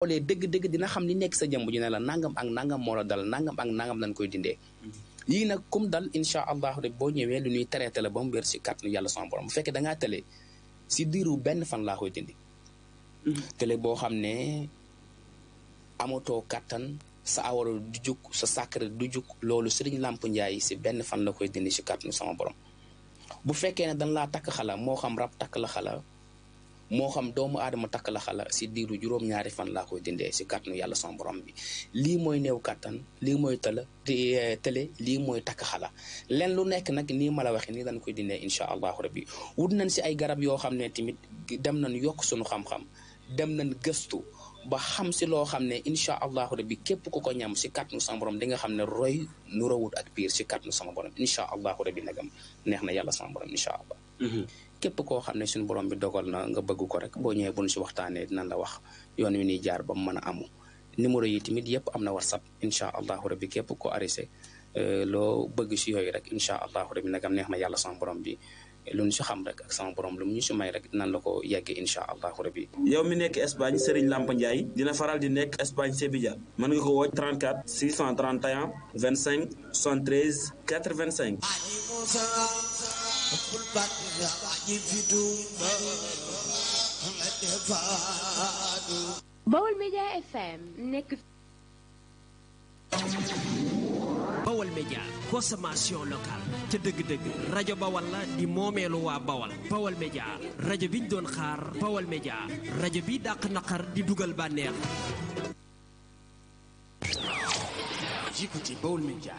xoolee dëgg-dëgg dina xam li nekk sa jàmm ji ne la nangam ak nangam moo la dal nangam ak nangam lañ koy dindee mm-hmm. yii nag kum dal incha allahu rek boo ñëwee lu nuy traité la ba mu wér si kàttanu yàlla sama borom bu fekkee dangaa tële si diiru benn fan laa koy dindi mm-hmm. tële boo xam ne amatoo kàttan sa awara sa sàkkare du jug loolu sëriñ làmp njaay si benn fan la koy dindi si kàttanu sama borom bu fekkee ne dañ laa takk xala moo xam rab takk la xala moo xam doomu aadama takk la xala si diiru juróom-ñaari fan laa koy dindee si kàttanu yàlla son borom bi lii mooy néew kàttan lii mooy tala eh, tële lii mooy takk xala len lu nekk nag nii ma la waxee nii dañ koy dindee incha allahu rabbi wut nañ si ay garab yoo xam ne tamit dem nañ yokk suñu xam dem nañ gëstu ba xam si loo xam ne incha allahu rabbi képp ku ko ñam si kàttanu sama borom di nga xam ne roy nu rawut ak biir si kàttanu sama borom incha allahu rabbi nagam neex na yàlla sama borom incha allah mm-hmm. képp koo xam ne suñu borom bi dogal na nga bëgg ko rek boo ñëwee bu ñu si waxtaanee dinañ la wax yoon wi ñuy jaar ba mu mën a amu numéro yi tamit yëpp am na whatsapp incha allahu rabbi képp ko arrêté euh, loo bëgg si yooyu rek incha allahu rabbi nagam neex na yàlla sama bi lu ñu si xam rek ak sama borom lu mu ñu si may rek nan la ko yeggee incha allahu rabi. yow mi nekk Espagne Serigne Lampa Ndiaye dina faral di nekk Espagne Sevilla mën nga vingt cinq 34 631 25 73 85. Baol Média FM nekk. Baol Média consommation locale ca dëgg-dëgg rajo Bawal la di moomeelu waa Bawal Baol Média rajo biñ doon xaar Baol Média rajo bi dàq naqar di dugal bànneex J'écoutais Baol Media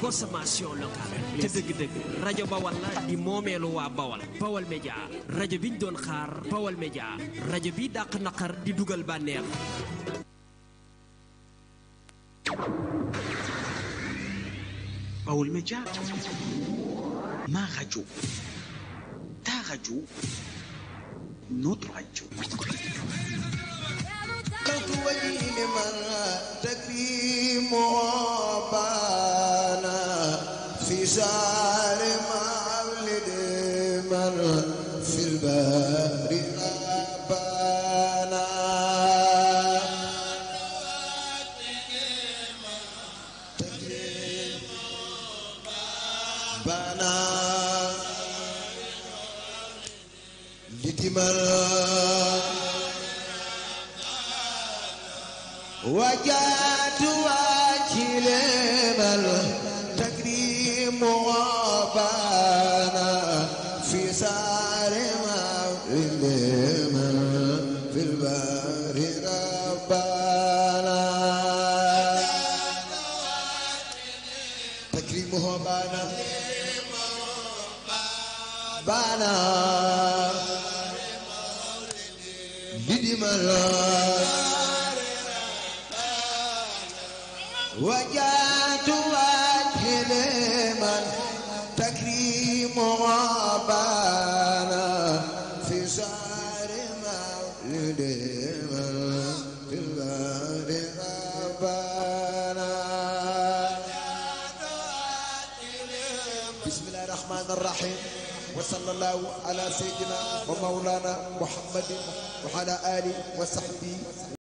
consommation locale te dëgg-dëgg rajo Bawal la di moomeelu waa Bawal Baol Media rajo biñ doon xaar Baol Media rajo bi dàq naqar di dugal bànneex Baol Media ma rajo no tracho. في البارئة لدماء وجات واجلما التكريم وبانا في سار معلما في البار ربانا تكريمه بانا بانا وجعت وجه لمن تكريمها الرحمن الرحيم وصلى الله على سيدنا ومولانا محمد وعلى آله وصحبه